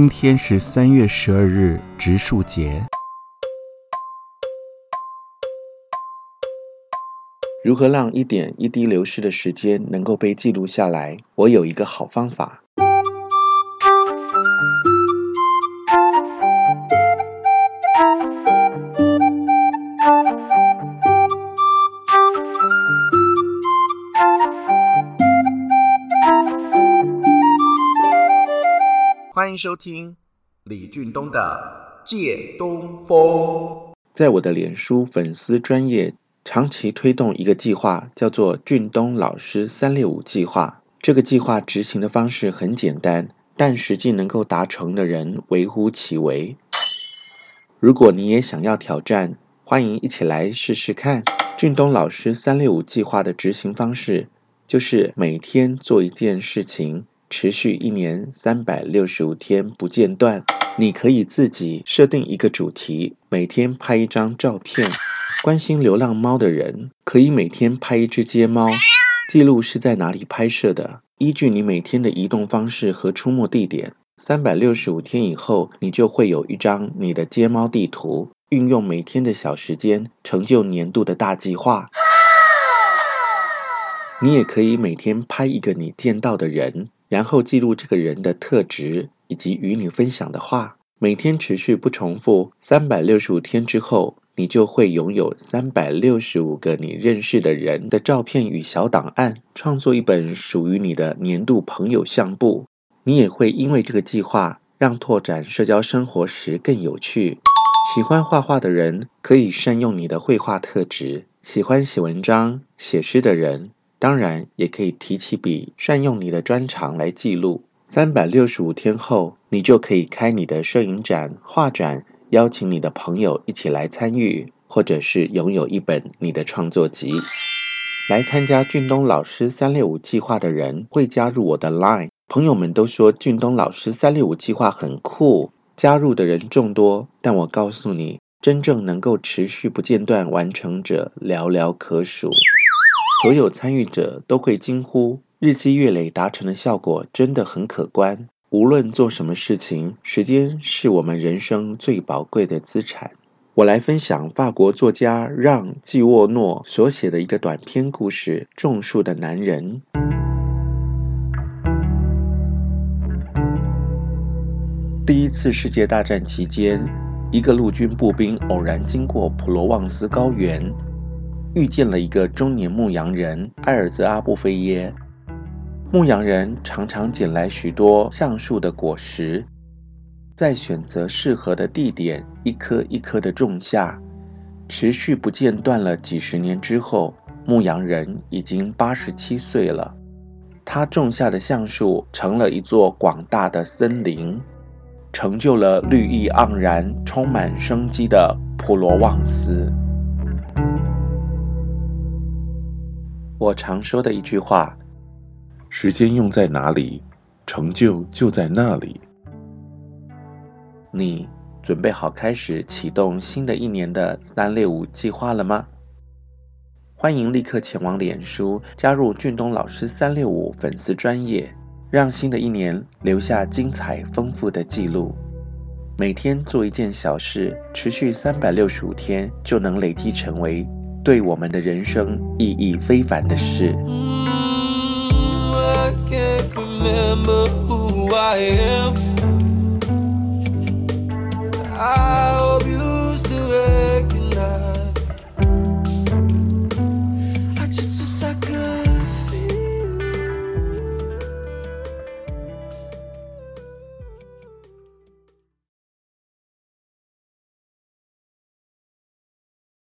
今天是三月十二日植樹節。如何讓一點一滴流逝的時間能夠被記錄下來？我有一個好方法。歡迎收聽李俊東的《借東風》。在我的臉書粉絲專頁長期推動一個計劃，叫做“俊東老師三六五計劃”。這個計劃執行的方式很簡單，但實際能夠達成的人微乎其微。如果你也想要挑戰，歡迎一起來試試看。「俊東老師三六五計劃”的執行方式，就是每天做一件事情。持續一年三百六十五天不間斷，你可以自己設定一個主題，每天拍一張照片。關心流浪貓的人可以每天拍一只街貓，記錄是在哪裡拍攝的。依據你每天的移動方式和出沒地點，三百六十五天以後，你就會有一張你的街貓地圖。運用每天的小時間，成就年度的大計劃。你也可以每天拍一個你見到的人。然後記錄這個人的特質以及與你分享的話，每天持續不重複，三百六十五天之後，你就會擁有三百六十五個你認識的人的照片與小檔案，創作一本屬於你的年度朋友相簿。你也會因為這個計劃，讓拓展社交生活時更有趣。喜歡畫畫的人可以善用你的繪畫特質，喜歡寫文章、寫詩的人。當然，也可以提起筆，善用你的專長來記錄。三百六十五天後，你就可以開你的攝影展、畫展，邀請你的朋友一起來參與，或者是擁有一本你的創作集。來參加俊東老師三六五計劃的人，會加入我的 Line。朋友們都說俊東老師三六五計劃很酷，加入的人眾多，但我告訴你，真正能夠持續不間斷完成者，寥寥可數。所有參與者都會驚呼，日積月累達成的效果真的很可觀。無論做什麼事情，時間是我們人生最寶貴的資產。我來分享法國作家讓·季沃諾所寫的一個短篇故事《種樹的男人》。第一次世界大戰期間，一個陸軍步兵偶然經過普羅旺斯高原。遇見了一個中年牧羊人，埃爾澤阿布菲耶。牧羊人常常撿來許多橡樹的果實，在選擇適合的地點，一棵一棵的種下，持續不間斷了幾十年之後，牧羊人已經八十七歲了。他種下的橡樹成了一座廣大的森林，成就了綠意盎然、充滿生機的普羅旺斯。我常說的一句話：「時間用在哪裡，成就就在哪裡。」你準備好開始啟動新的一年的三六五計劃了嗎？歡迎立刻前往臉書加入俊東老師三六五粉絲專頁，讓新的一年留下精彩豐富的記錄。每天做一件小事，持續三百六十五天，就能累積成為。對我們的人生意義非凡的事。Mm,